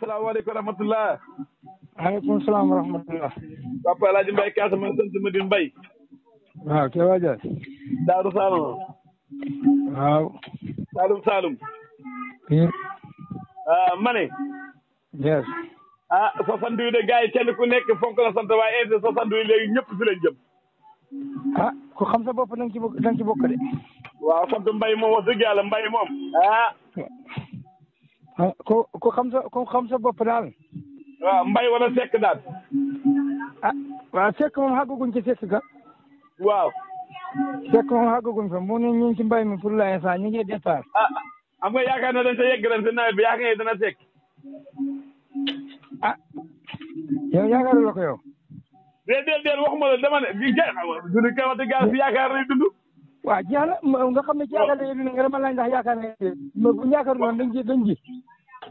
salaamaaleykum wa rahmatulah. waaleykum salaam wa rahmatulah. papa El Hadj Mbaye Casamance sant Madine Mbaye. waaw kii waa Dia. Daaru Saalum. waaw. Saalum Saalum. kii. ah ma ne. yes. ah soixante huit de gars yi kenn ku nekk fonk la sant waaye indi soixante huit léegi ñëpp fi lañ jëm. ah ku xam sa bopp da nga ci bokk da nga ci bokk de. waaw sant Mbaye moom wax dëgg yàlla Mbaye moom. ah. ah ko ko xam sa ko xam sa bopp daal. waaw mbay wala sekk daal. ah waaw sekk moom xàggaguñ ci sekk ga. waaw. sekk moom xàggaguñ fa mu ne ñu ngi ci mbay mi pour l'instant ñu ngi départ. ah, ah am nga yaakaar ne dañ sa yegg ren si nawet bi yaakaar ne dana sekk. ah yow yaakaar la ko yow. déedéet déet waxuma la dama ne bii ja du ni kawati gaal bi yaakaar nañ dund. waaw jeex na nga xam ne ci yaakaar ne nga dama laaj ndax yaakaar ne bu yaakaar noonu dañ ji dañ ji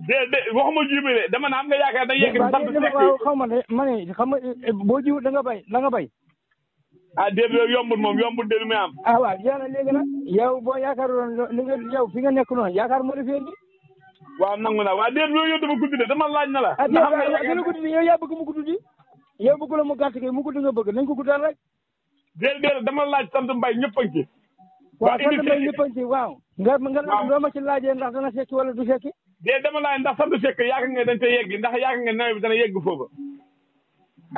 de de waxuma ji bi de dama na am nga yaakaar dañ yegg sant waaw xaw ma ne ma ne xam nga eh, boo jiw da nga bay da nga bay a ah, déedéet yooyu yombul moom yombul de lu muy am ah waaw jeex na léegi nag yow boo yaakaar noonu li nga yow fi nga nekk noonu yaakaar moo la fee ji waaw nangu naa waaw déedéet yooyu yow dama laaj na la ah gën a gudd bi yow yaa bëgg mu gudd di yow bëgg la mu gàtt kay mu gudd nga bëgg nañ ko guddal rek déedéet dama laaj sant mbay ñëpp a waaw sant mbay ñëppan ci waaw nga nga loo ma ci laajee ndax dana sekki wala du sekki dee dama laaj ndax sant sekk yaakaar nga dañ koy yeggi ndax yaakaar nga nawet bi dana yegg foofu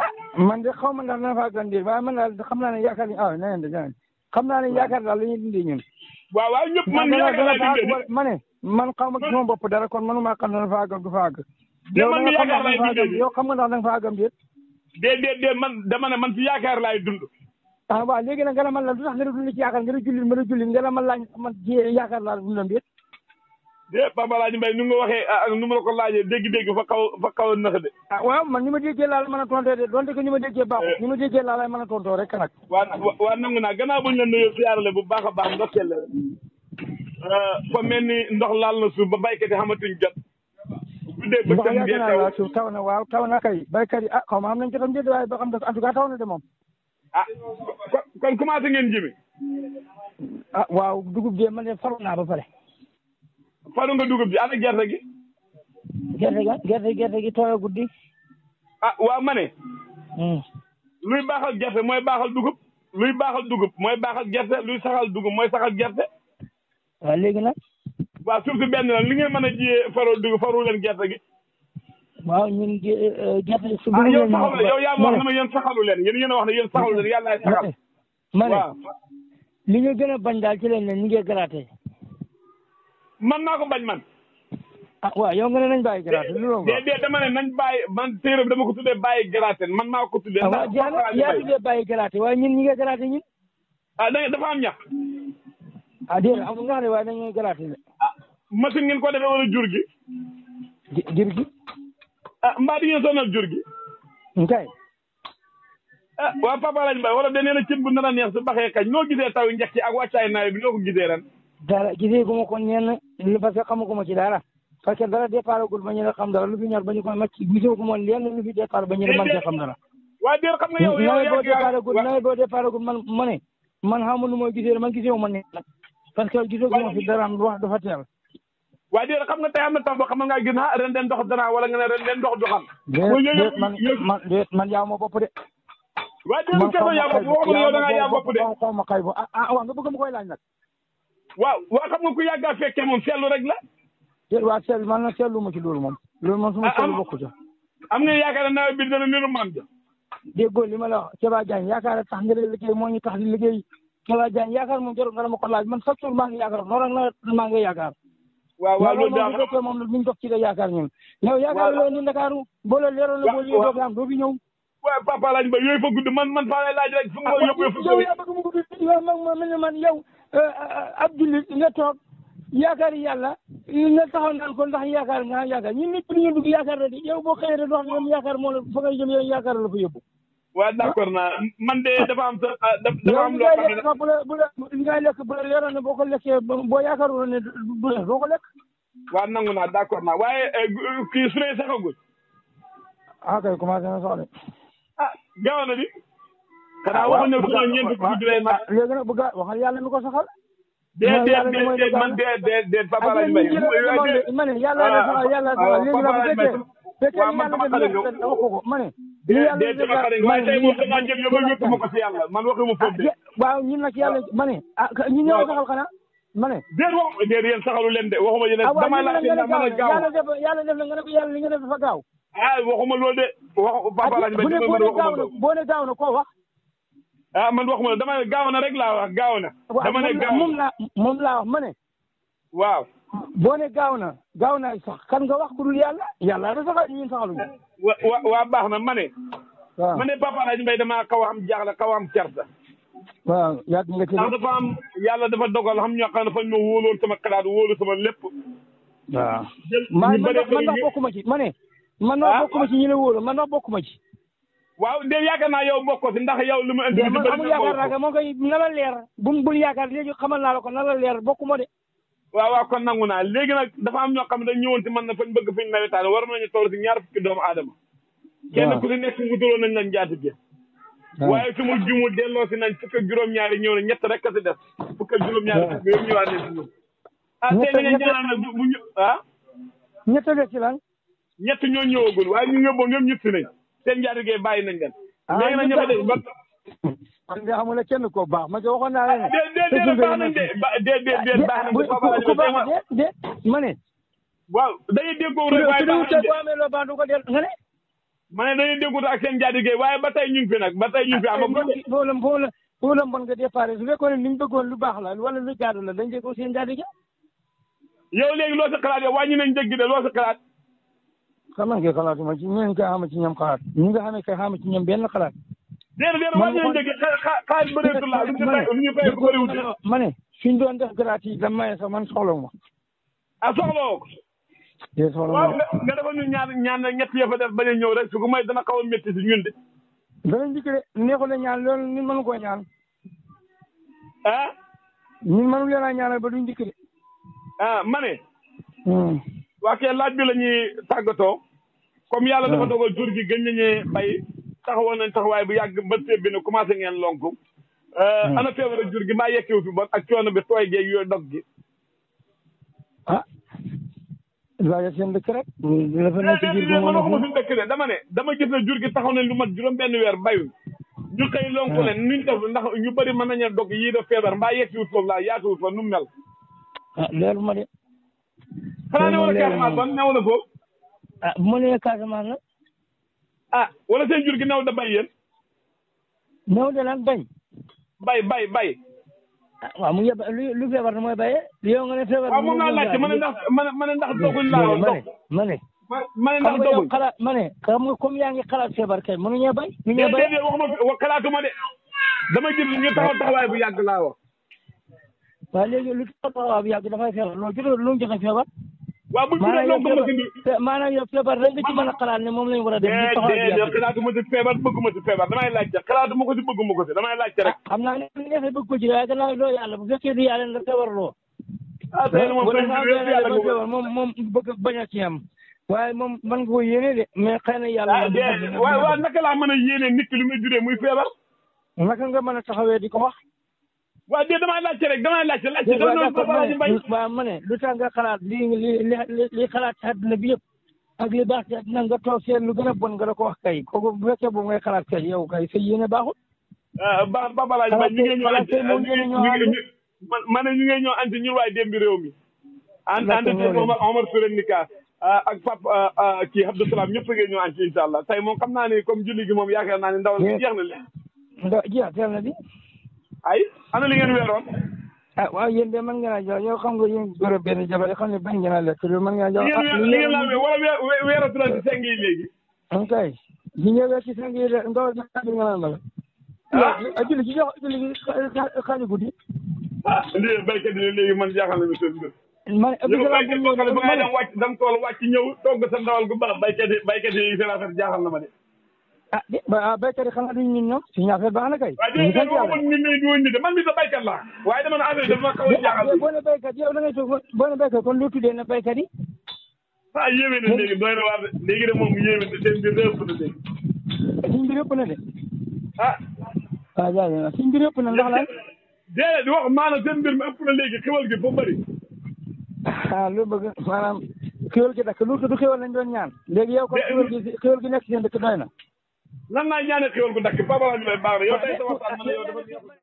ah man de xaw ma ndax dana faa gàndir waaye man daal xam naa ne yaakaar ni ah naneen de naneen xam naa ne yaakaar daal la ñuy dindi ñun waaw waaw ñëpp man yaakaar laa dundee ma ne man xaw ma sama bopp dara kon manumaa xam dana faa gëm du faa gëm man yaakaar laa dundee yow xam nga ndax danga faa gëm déet déet déet man dama ne man ci yaakaar laay dund ah waaw léegi nag nga ne man la lu tax nga ne duñ la ci yaakaar nga ne jullit ma ne jullit nga ne man man jiyee yaakaar naa duñ la mbir. de Papa Alaaji Mbay nu nga waxee ah, ak nu mu la ko laajee dégg-dégg fa xaw fa xaw a nax de. ah man ni ma déggee laa la mën a tontee de donte que ni ma déggee baaxul eh. ni ma déggee laa la mën a tontoo rek nag. waa waa nangu naa gannaaw buñ la nuyoo siyaarale bu baax a baax ndokkeel la eh, fa mel ni ndox laal na suuf ba baykat yi xamatuñ jot. guddee bëccëg bi taw waaw taw na waaw taw na kay baykat yi ah xaw ma am nañ jotam déet na moom ah kon commencé ngeen ji ah waaw dugub ji man de faru naa ba pare. faru nga dugub ji ana gerte gi. gerte gi gerte gerte gi tooyo guddi. ah waaw ma ne. Hmm. luy baaxal gerte mooy baaxal dugub. luy baaxal dugub mooy baaxal gerte luy saxal dugub mooy saxal gerte. waaw léegi nag. waaw suuf si benn la li ngeen mën a jiyee faru dugub faru leen gerte gi waaw ñun gerte su bëri yow saxalu ma wax ne ma yéen saxalu leen yéen a wax ne yéen saxalu leen yàlla ay saxal ma ne li ñu gën a bañ daal ci leen ne ñu ngi man naa ko bañ man ah waaw yow nga ne nañ bàyyi garaate loolu déedéet dama ne nañ bàyyi man téere bi dama ko tuddee bàyyi garaate man maa ko tuddee ah, waaw jaana yaa tuddee bàyyi garaate waaye ñun ñi ngi garaate ñun ah da dafa am ñax ah déedéet amul nga xam ne waaye dañuy ah, machine ngeen ko defee wala jur gi jur gi ah mbaa di ngeen sonal jur gi. Njaay. ah waa Papa laaj Mbaye wala da neena cin bu nar a neex su baxee kañ noo gisee taw yi njëkk yi ak wàccaay nawet bi noo ko gisee ren. dara ma ko ñenn li parce que xamaguma ci dara parce que dara départ gul ba ñu xam dara lu fi ñor ba ñu ko màcc ma lenn lu fi départ ba ñu mën cee xam dara. waa déet xam nga yow yow yaa ma ne man xamul nu ma gisee man gisee wu ma ne nag parce que gisee gu ma waaye déedéet am na temps boo xam nga naa ren den dox danaa wala nga ne ren den dox doxal. déet man yaa ma bopp de. waaye déedéet kenn doon yaa bopp boo xam de. xaw ma xay bu waaw nga bëgg ma koy laaj nag. moom seetlu rek la. déet waa seetlu man na seetlu ma ci loolu moom. loolu moom suma seetlu bokku ca. am nga yaakaar ne nawet bi dana niru maam ma la wax Keba Diagne yaakaar tax nga lay liggéey moo ñu tax di liggéey Keba man chaque jour maa ngi yaakaar noonu rek maa waaw waaw loolu daa ko moom lu ñu dox ci la yaakaar ñun ñow yaakaar loolu ni Ndakaaru boo loolu leeroon la boo lii doo fi am doo fi ñëw waaw papa laaj ba yooyu fa gudd man man fa lay laaj rek fu mu ah, yóbbu yóbbu yow yaa bëgg mu gudd yow mag mel ne man yow euh, euh, ab jullit nga toog yaakaar yàlla nga taxaw naan ko ndax yaakaar nga yaakaar ñun nit ñi ñu dugg yaakaar la di yow boo xëyee rek wax ne yaakaar moo la fa ngay jëm yow yaakaar la fa yóbbu waaw d'accord man de dafa am sa ah, dafa am loo xam ne bu la bu la li ngay lekk bu la leeroon ne boo ko lekkee boo yaakaaroon ne du la boo ko lekk waaw nangu naa d'accord naa waaye eh, eh, kii su dee saxagul ah kay commencé na soxla ah gaaw na di ah, xanaa waxu ne fukk ñeent fukk di lay nag léegi nag bu gaa waxal yàlla mi ko saxal déet déet déet man déet déet déet ah, papa lañ may ma ne yàlla la saxal yàlla la saxal léegi nag bu fekkee fekkee yàlla dama ko ko ma ne Eh, ah, waaw ñun nag yàlla ma ne ah ñu ñëw saxal xanaa ma ne déet wax déet yéen saxalu leen de waxuma yéen ah, dama la yàlla def yàlla def na nga ne ko yàlla li nga def dafa gaaw ah waxuma loolu de wax papa ah, lañ bu ne gaaw na boo ne gaaw na koo wax ah man waxuma la dama ne gaaw na rek laa wax gaaw na dama ne gaaw moom laa moom laa wax ma ne waaw boo ne gaaw na gaaw na sax kan nga wax ku dul yàlla yàlla da sax ñun saxaluñu. wa wa waa baax na ma ne. waaw ma ne Papa El Hadj Mbaye damaa kaw a am jaaxle kaw a am kersa. waaw yàgg nga ci. ndax dafa am yàlla dafa dogal xam ñoo xam ne dafa ma wóoloon sama xalaat wóolu sama lépp. waaw. man man ndax bokkuma ci ma ne. man ndax ah, bokkuma ci ñu la wóolu man ndax bokkuma ci. waaw de yaakaar naa yow bokkoo si ndax yow. li ma indi li bëri na ko man amul yaakaar naa ko moom na la leer bu bul yaakaar léegi xamal naa la ko na la leer bokkuma de. waaw waaw kon nangu naa léegi nag dafa am ñoo xam ne dañ ñëwoon ci man na fañ bëgg fañ nawetaan war nañu toll si ñaar fukki doomu aadama kenn ku si nekk wutaloon nañ lañ njaatige waaye su ma jumul delloo si nañ fukk ak juróom-ñaari ñëw na ñett rek ka si des fukk ak juróom-ñaari fukk yëpp ñëwaat nañ si ñun ah tey li ngeen jëlaat nag bu ñu ah ñett des ci lan ñett ñoo ñëwagul waaye ñu yóbboon ñoom ñëpp si nañ seen njaatigee bàyyi nañ leen léegi nag ñu fa des ba man de amul kenn koo baax man de waxoon naa la ah, ne. déedéet baax nañ de ah, baax nañ de ma ne. waaw dañuy déggoo rek waaye baax nañ de nga ne. ma ne dañuy déggoo ak seen njaatige waaye ba tey ñu ngi fi nag ba tey ñu ngi fi ah, amagul. foofu la foofu la foofu la mbon nga départ su fekkoon ne ni ñu bëggoon lu baax la wala lu jaadu la dañ déggoo seen njaatige. yow léegi loo sa xalaat yow wàññi nañ dégg de loo sa xalaat. xanaa nga xalaatuma ci ñoom nga xam ci ñoom xalaat ñi nga xam ne xama ci ñoom benn xalaat déedéet déedéet waa ñu njëkk xaalis ba dee la lu ñu fay bëriwul ma ne fi ñu doon def gratuit yi dama maye sax man soxla wu ma. ah soxla woo ko. déedéet soxla woo ko waaw nga defal ñu ñaan ñaan ñett ya fa def bañ a ñëw rek su ko may dana xaw a métti si ñun de. danañ dikk de neexul a ñaan loolu ñun mënu koo ñaan. ah. ñun mënu leen a ñaanal ba duñ dikk de. ah ma ne. Hmm. waa kay laaj bi la ñuy tàggatoo. comme yàlla dafa hmm. dogal jur gi gën nañu bay. taxawoon nañ taxawaay bu yàgg ba séb bi ne commencé ngeen lonku euh, hmm. ana feebar jur gi maa yekkiwu fi bon ak coono bi tooy geeg yooyu dog gi ah waaye seen dëkk rek dafa nekk jur gi man waxuma suñu dëkk de dama ne dama gis ne jur gi taxaw nañ lu mat juróom benn weer bayu ñu xëy lonku leen hmm. nuñ def ndax ñu bëri mën nañu dog yii da feebar mbaa yekkiwut foofu laa yaatuwut fa nu mel ah leeru ma de xanaa ne wala Casamance ban ñaw na foofu ah bu ma nee Casamance ah wala seen jur gi na da bay yéen. new da lan bay. bay bay bay. Ah, waaw mu yóbbu lu lu feebar na mooy bayee. yow nga ne feebar waaw moom laa laajte ma ne ndax ma ne ndax doguñ laa ma ne ma ne. ma ne ndax doguñ xalaat ma ne xam nga comme yaa ngi xalaat feebar kay mënuñoo bay. mënuñoo de dama gis ñu taxaw taxawaay bu yàgg laa wax. waaw léegi lu taxaw taxawaay bu yàgg dafay feebar loolu jot a lu waaw bu ñu tuddee loolu nga mën a. maanaam yow feebar rek nga ci mën a xalaat ne moom lañ war a def. ñu taxaw di yàq xalaatuma ci feebar bëgguma ci feebar damay laajte xalaatuma ko ci bëgguma ko ci damay laajte rek. Ah, xam naa ne bu ñu bëgg ko ci waaye gannaaw loo yàlla bu fekkee du yàlla nga feebar loo. ah tey moom tey feebar moom moom bëgg bañ a ci am. waaye moom man nga ko yéene de mais xëy na yàlla. ah déedéet waaw waaw naka laa mën a yéene nit ki li muy juree muy feebar. naka nga mën a taxawee di ko wax waaw déedéet damaa laajte rek damaa laajte laajte dama doon Fapal mbay waaw ma ne lu tax nga xalaat lii li li xalaat ci àdduna bi yëpp ak li baax ci àdduna nga toog seen lu gën ko wax kay kooku bu fekkee boobu ngay xalaat kay yow kay sa yéene baaxul. Ah, ba ba balaa ñu ngi ñu ngi ma ne ñu ngi ñëw anti ñun waay démb réew mi. ànd ànd ak Omar Omar Touré ah, ak Pape ah, kii Abdou Salam ñëpp ngeen ñëw anti incha allah tey moom xam naa ne comme julli gi moom yaakaar naa ne ndaw jeex na li. ndaw jeex na li. ay ana li ngeen weeroon. ah waaw yéen de mën ngeen a jox yow xam nga yéen góor ngeen a lekk loolu mën ngeen a jox. li ngeen ah, la yi léegi. ok ñu nga bi nga naan ma la. ah, ah julli ci jox ah, nga tool wàcc ñëw togg sa ndawal gu baax béykat yi béykat yi jaaxal na de. ah dé ah, béykat yi xanaa duñ ñun ñoom suñu affaire baax na kay. ñu sant yàlla waaw déedéet ñu woon man mii sax béykat laa. waaye dama ne affaire yi dafa kaw a jaaxal. boo ne béykat yow da ngay toog boo ne béykat kon lu tuddee na béykat yi. ah yéeme na léegi doy na waar de léegi de moom yéeme na seen mbir yëpp na de. suñ mbir yëpp na de. ah. waaw ah, jaajëf suñ mbir yëpp na ndax lan. déedéet di wax maanaam seen mbir mi ëpp na léegi xéwal gi foofu bëri. ah lu bëgg maanaam xéwal gi dakk lu tudd xéwal lañ doon ñaan léegi yow kon xéwal gi xéwal gi nekk seen dëkk doy na lan laay ñaanee xéwal gu ndàkk Papa Alioune Ba yow tey sa waxtaan ma ne yow dafa